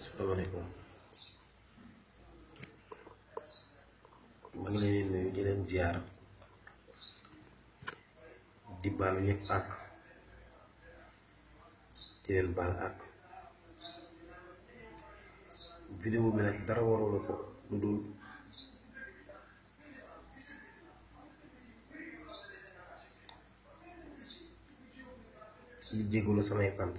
assalamualaikum alaykum maa ngi leen di nuyu di leen ziar di baal ñëpp ak di leen baal ak vidéo bi nag dara warulu ko lu dul di jégalu samay fans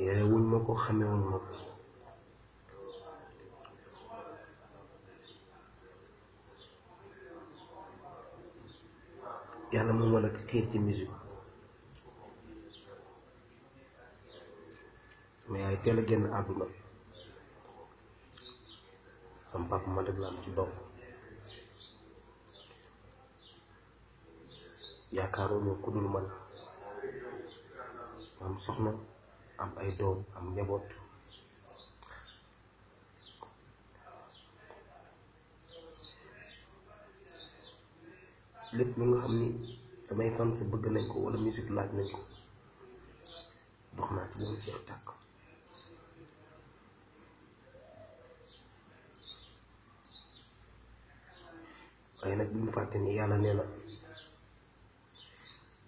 yore wuñ ma ko xame wuñ ma ko yàlla mu mën a xiir ci musique sama yaay teel a àdduna sama papa ma def la am ci doom yaakaaroon ku dul man ma am soxna am ay doom am njaboot lépp lu nga xam ni samay fans bëgg nañ ko wala musique laaj nañ ko dox naa ci moom jeex tàkk waaye nag bu ñu fàtte ni yàlla nee na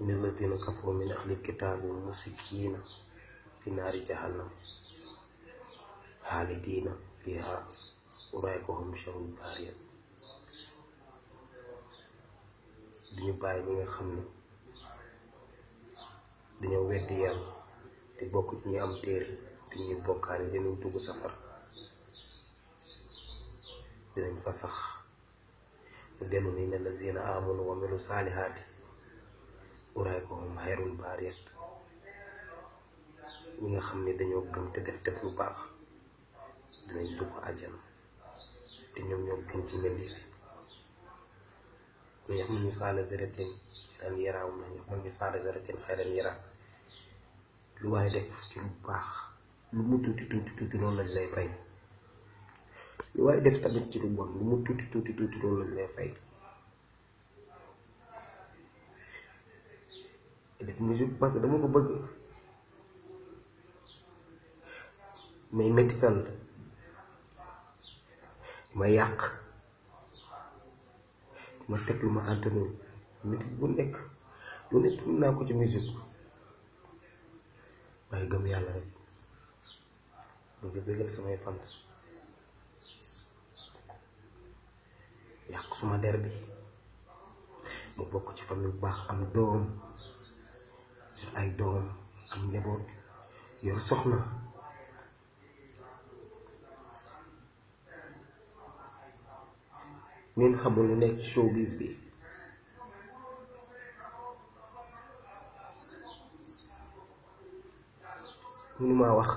inna lazina kafaru min ahli kitaabi musikiina fi naari jahannam xaalidiina fiha ulaayka hum sharrul baariya duñu bàyyi ñi nga xam ne dañoo weddi yàlla te bokk ci ñi am téere te ñuy bokkaale dinañ dugg safar dinañ fa sax mu dellu ni ne lazina amanu wa milu saalihaati ulaayka hum xayrul baariyat ñi nga xam ne dañoo gëm te def def lu baax dinañ dugg àjjana te ñoom ñoo gën ci mel nii ñu yax lu waaye def lu mu tuuti tuuti loolu lañ lay fay waaye def tamit ci lu bon mu tuuti tuuti tuuti lañ lay fay def musique parce que dama ko bëgg may mettital ma yàq ma teg lu ma àttanul mettit bu nekk lu nekk mën naa ko ci musique waaye gëm yàlla rek bëgg bëggal samay fans yàq suma der bi mu bokk ci famille bu baax am doom ay doom am njaboot yor soxna ngeen xamul lu nekk showbiz bi mënumaa wax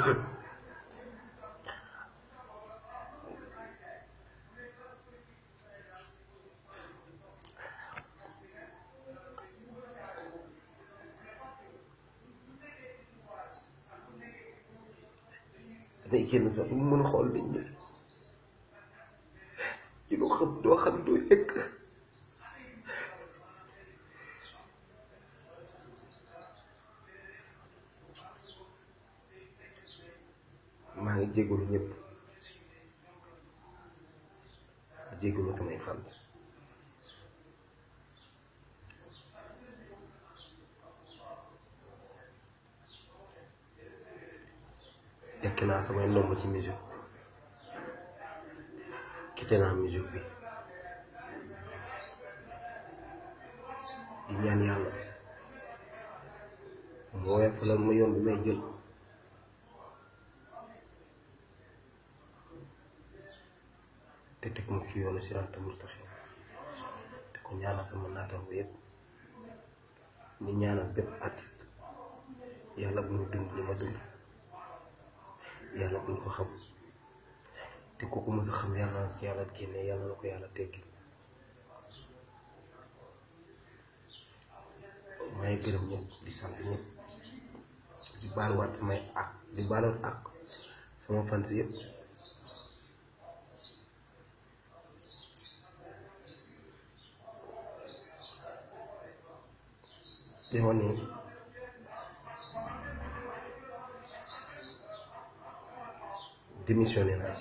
day génn sax mu mën a xool nit ñi di loo xam doo xam doo jégalu ñëpp jégalu samay fan tekki naa samay ndomb ci musique quitté naa musique bi di ñaan yàlla mu woyof la ma yomb may jël te teg ci yoonu sirata mustaqim te ko ñaanal sama naataango yëpp ni ñaanal bépp artiste yàlla bu ñu dund li ma dund yàlla bu ñu ko xam te kooku mës a xam yàlla na ci yàlla génne yàlla na ko yàlla tekki may gërëm ñëpp di sant ñëpp di baaluwaat samay ak di sama fans yëpp démissionner démissionnaire,